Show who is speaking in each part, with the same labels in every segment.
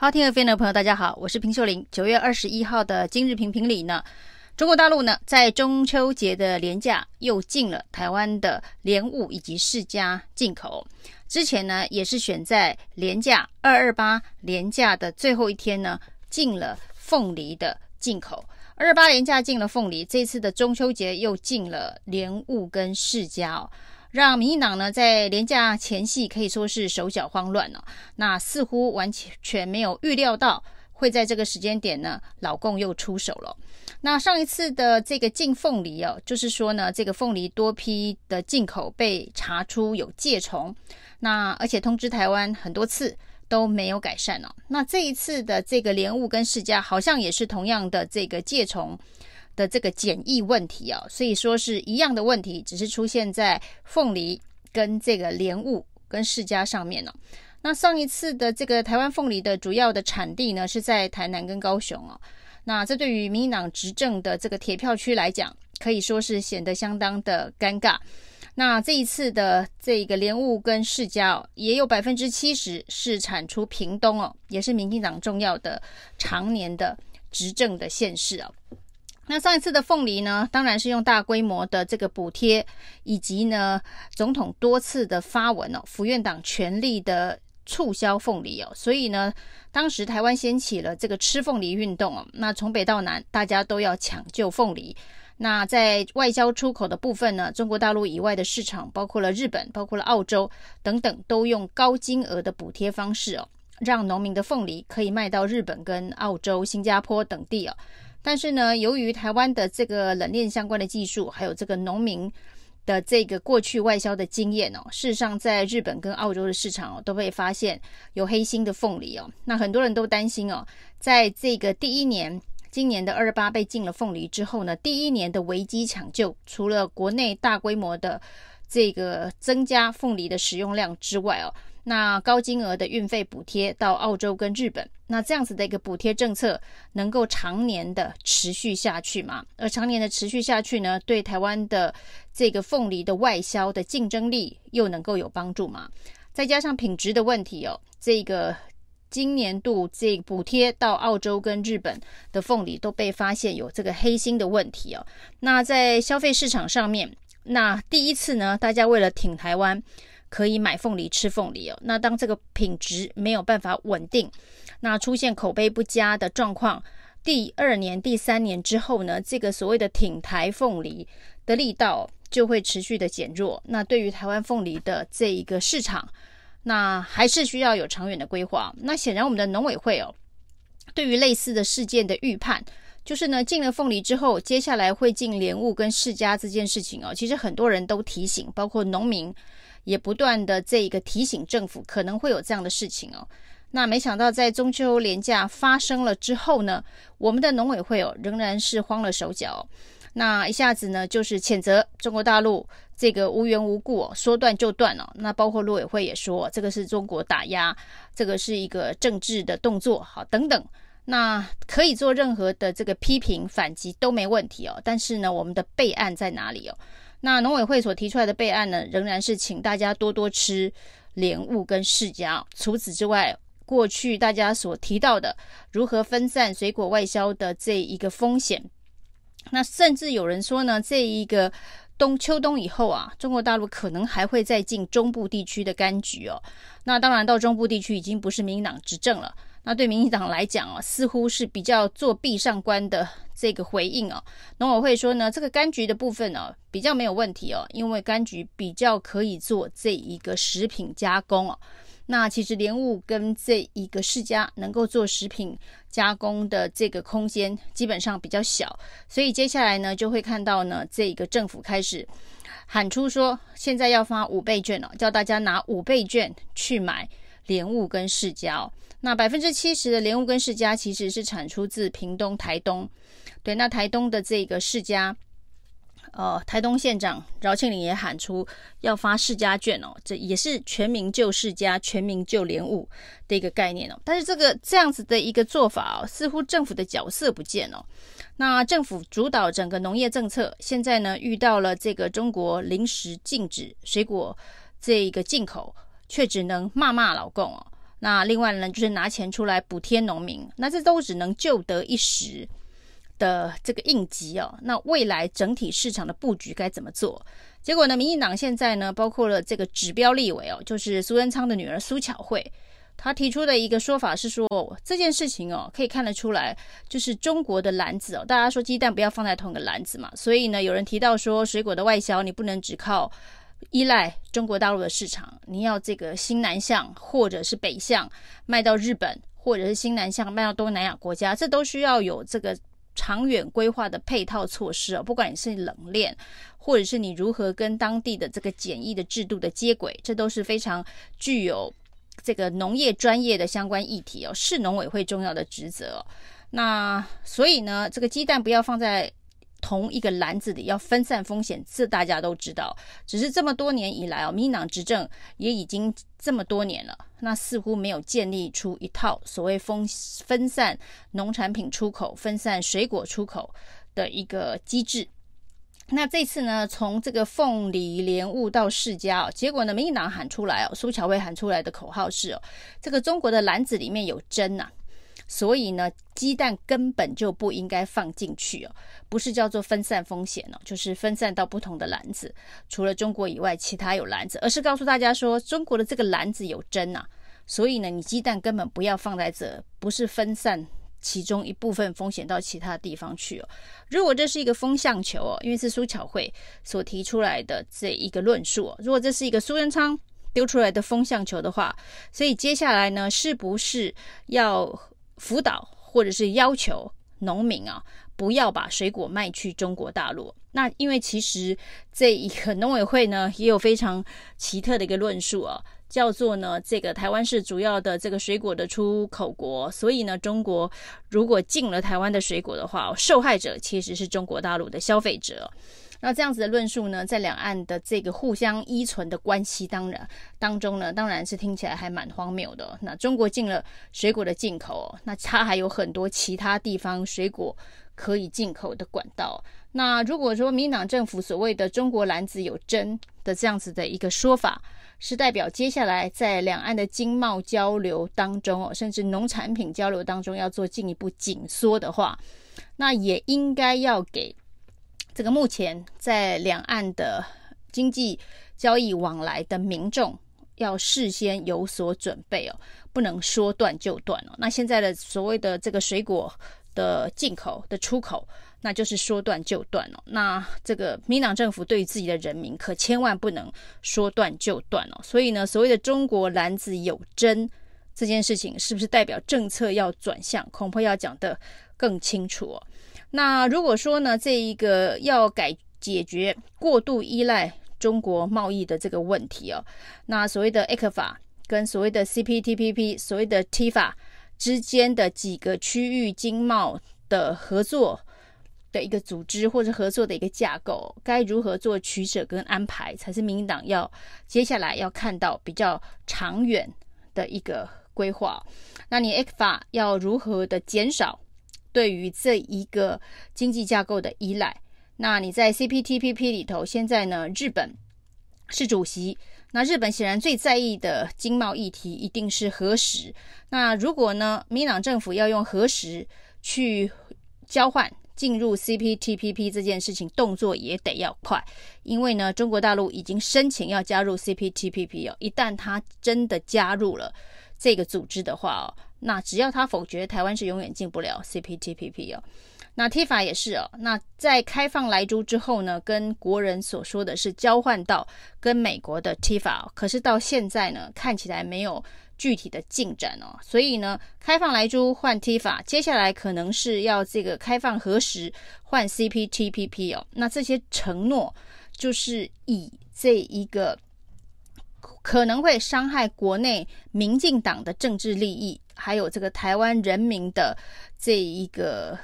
Speaker 1: 好，親愛的菲的朋友，大家好，我是平秀琳。九月二十一號的今日評評理呢，中國大陸呢在中秋節的連假又進了台灣的蓮霧以及釋迦進口。之前呢也是選在連假，二二八連假的最後一天呢進了鳳梨的進口，二二八連假進了鳳梨，這次的中秋節又進了蓮霧跟釋迦哦。讓民進黨，呢在連假前夕可以說是手腳慌亂了、哦,那似乎完全沒有預料到會在這個時間點呢老共又出手了。那上一次的這個禁鳳梨哦，就是說呢這個鳳梨多批的進口被查出有介蟲，那而且通知台灣很多次都沒有改善了、哦。那這一次的這個蓮霧跟釋迦，好像也是同樣的這個介蟲的這個檢疫問題哦，所以說是一樣的問題，只是出現在鳳梨跟這個蓮霧跟釋迦上面呢、哦。那上一次的這個台灣鳳梨的主要的產地呢是在台南跟高雄哦。那這對於民進黨執政的這個鐵票區來講，可以說是顯得相當的尷尬。那這一次的這個蓮霧跟釋迦哦，也有百分之七十是產出屏東哦，也是民進黨重要的常年的執政的縣市哦。那上一次的鳳梨呢，當然是用大規模的這個補貼，以及呢總統多次的發文哦，府院黨全力的促銷鳳梨哦，所以呢，當時台灣掀起了這個吃鳳梨運動哦，那從北到南，大家都要搶救鳳梨。那在外交出口的部分呢，中國大陸以外的市場，包括了日本、包括了澳洲等等，都用高金額的補貼方式哦，讓農民的鳳梨可以賣到日本跟澳洲、新加坡等地哦。但是呢，由於台灣的這個冷鏈相關的技術，還有這個農民的這個過去外銷的經驗哦，事實上在日本跟澳洲的市場哦，都被發現有黑心的鳳梨哦，那很多人都擔心哦，在這個第一年，今年的二八被禁了鳳梨之後呢，第一年的危機搶救，除了國內大規模的這個增加鳳梨的使用量之外哦。那高金額的運費補貼到澳洲跟日本，那這樣子的一個補貼政策能夠常年的持續下去嗎？而常年的持續下去呢，對台灣的這個鳳梨的外銷的競爭力又能夠有幫助嗎？再加上品質的問題哦，這個今年度這個補貼到澳洲跟日本的鳳梨都被發現有這個黑心的問題哦。那在消費市場上面，那第一次呢，大家為了挺台灣。可以買鳳梨吃鳳梨哦。那當這個品質沒有辦法穩定，那出現口碑不佳的狀況，第二年、第三年之後呢，這個所謂的挺台鳳梨的力道就會持續的減弱。那對於台灣鳳梨的這一個市場，那還是需要有長遠的規劃。那顯然，我們的農委會哦，對於類似的事件的預判，就是呢，進了鳳梨之後，接下來會進蓮霧跟釋迦這件事情哦，其實很多人都提醒，包括農民。也不斷的這個提醒政府可能會有這樣的事情哦，那沒想到在中秋連假發生了之後呢，我們的農委會哦仍然是慌了手腳，哦，那一下子呢就是譴責中國大陸這個無緣無故，哦、說斷就斷了，哦，那包括陸委會也說這個是中國打壓，這個是一個政治的動作，好等等，那可以做任何的這個批評反擊都沒問題哦，但是呢我們的備案在哪裡哦？那農委會所提出來的備案呢，仍然是請大家多多吃蓮霧跟釋迦。除此之外，過去大家所提到的如何分散水果外銷的這一個風險，那甚至有人說呢，這一個冬秋冬以後啊，中國大陸可能還會再進中部地區的柑橘哦。那當然，到中部地區已經不是民進黨執政了。那對民進黨來講、哦、似乎是比較作壁上觀的這個回應哦。農委會說呢，這個柑橘的部分、哦、比較沒有問題哦，因為柑橘比較可以做這一個食品加工哦。那其實蓮霧跟這一個釋迦能夠做食品加工的這個空間基本上比較小，所以接下來呢，就會看到呢，這一個政府開始喊出說，現在要發五倍券、哦、叫大家拿五倍券去買。蓮霧跟釋迦哦，那百分之七十的蓮霧跟釋迦其實是產出自屏東、台東。對，那台東的這個釋迦。呃，台東縣長饒慶鈴，也喊出要發釋迦券哦，這也是全民救釋迦、全民救蓮霧的一個概念哦。但是這個這樣子的一個做法哦，似乎政府的角色不見了哦。那政府主導整個農業政策，現在呢，遇到了這個中國臨時禁止水果這一個進口。卻只能罵罵老共哦。那另外呢，就是拿錢出來補貼農民，那這都只能救得一時的這個應急哦。那未來整體市場的布局該怎麼做？結果呢，民進黨現在呢，包括了這個指標立委哦，就是蘇貞昌的女兒蘇巧慧，她提出的一個說法是說，這件事情哦，可以看得出來，就是中國的籃子哦，大家說雞蛋不要放在同個籃子嘛。所以呢，有人提到說，水果的外銷你不能只靠。依賴中國大陸的市場，你要這個新南向或者是北向賣到日本，或者是新南向賣到東南亞國家，這都需要有這個長遠規劃的配套措施哦。不管你是冷鏈，或者是你如何跟當地的這個檢疫的制度的接軌，這都是非常具有這個農業專業的相關議題哦，是農委會重要的職責。哦。那所以呢，這個雞蛋不要放在。同一個籃子裡要分散風險，這大家都知道。只是這麼多年以來哦，民進黨執政也已經這麼多年了，那似乎沒有建立出一套所謂分分散農產品出口、分散水果出口的一個機制。那這次呢，從這個鳳梨蓮霧到釋迦，結果呢，民進黨喊出來哦，蘇巧慧喊出來的口號是哦，這個中國的籃子裡面有針吶、啊。所以呢，雞蛋根本就不應該放進去哦，不是叫做分散風險哦，就是分散到不同的籃子。除了中國以外，其他有籃子，而是告訴大家說，中國的這個籃子有針啊。所以呢，你雞蛋根本不要放在這，不是分散其中一部分風險到其他地方去哦。如果這是一個風向球哦，因為是蘇巧慧所提出來的這一個論述哦，如果這是一個蘇貞昌丟出來的風向球的話，所以接下來呢，是不是要輔導，或者是要求農民啊，不要把水果賣去中國大陸。那因為其實這一個農委會呢，也有非常奇特的一個論述啊，叫做呢，這個台灣是主要的這個水果的出口國，所以呢，中國如果進了台灣的水果的話，受害者其實是中國大陸的消費者。那這樣子的論述呢，在兩岸的這個互相依存的關係當然當中呢，當然是聽起來還蠻荒謬的。那中國進了水果的進口，那它還有很多其他地方水果可以進口的管道。那如果說民進黨政府所謂的“中國籃子有針”的這樣子的一個說法，是代表接下來在兩岸的經貿交流當中，哦，甚至農產品交流當中要做進一步緊縮的話，那也應該要給。這個目前在兩岸的經濟交易往來的民眾，要事先有所準備哦，不能說斷就斷哦。那現在的所謂的這個水果的進口的出口，那就是說斷就斷哦。那這個民黨政府對於自己的人民，可千萬不能說斷就斷哦。所以呢，所謂的中國籃子有針這件事情，是不是代表政策要轉向？恐怕要講得更清楚哦。那如果說呢，這一個要改解決過度依賴中國貿易的這個問題哦，那所謂的 ECFA 跟所謂的 CPTPP 所謂的 TIFA 之間的幾個區域經貿的合作的一個組織，或者合作的一個架構，該如何做取捨跟安排，才是民進黨要接下來要看到比較長遠的一個規劃？那你 ECFA 要如何的減少？對於這一個經濟架構的依賴，那你在 CPTPP 裡頭，現在呢，日本是主席，那日本顯然最在意的經貿議題一定是核食。那如果呢，民進黨政府要用核食去交換進入 CPTPP 這件事情，動作也得要快，因為呢，中國大陸已經申請要加入 CPTPP 哦，一旦他真的加入了這個組織的話哦。那只要他否決，台灣是永遠進不了 CPTPP 哦。那 TIFA 也是哦。那在開放萊豬之後呢，跟國人所說的是交換到跟美國的 TIFA 哦，可是到現在呢，看起來沒有具體的進展哦。所以呢，開放萊豬換 TIFA，接下來可能是要這個開放核食換 CPTPP 哦。那這些承諾就是以這一個可能會傷害國內民進黨的政治利益。還有這個台灣人民的這一個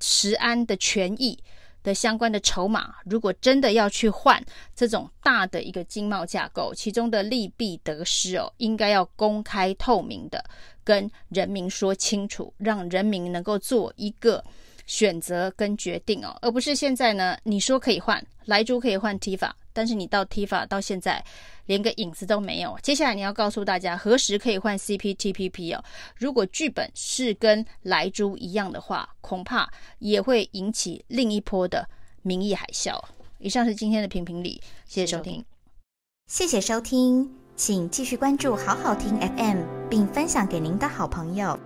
Speaker 1: 食安的權益的相關的籌碼，如果真的要去換這種大的一個經貿架構，其中的利弊得失哦，應該要公開透明的跟人民說清楚，讓人民能夠做一個選擇跟決定哦，而不是現在呢，你說可以換萊豬可以換 TIFA。但是你到 TIFA 到現在連個影子都沒有。接下來你要告訴大家何時可以換 CPTPP 哦。如果劇本是跟萊豬一樣的話，恐怕也會引起另一波的民意海嘯。以上是今天的評評理，謝謝收聽。謝，謝謝收聽，請繼續關注好好聽 FM，並分享給您的好朋友。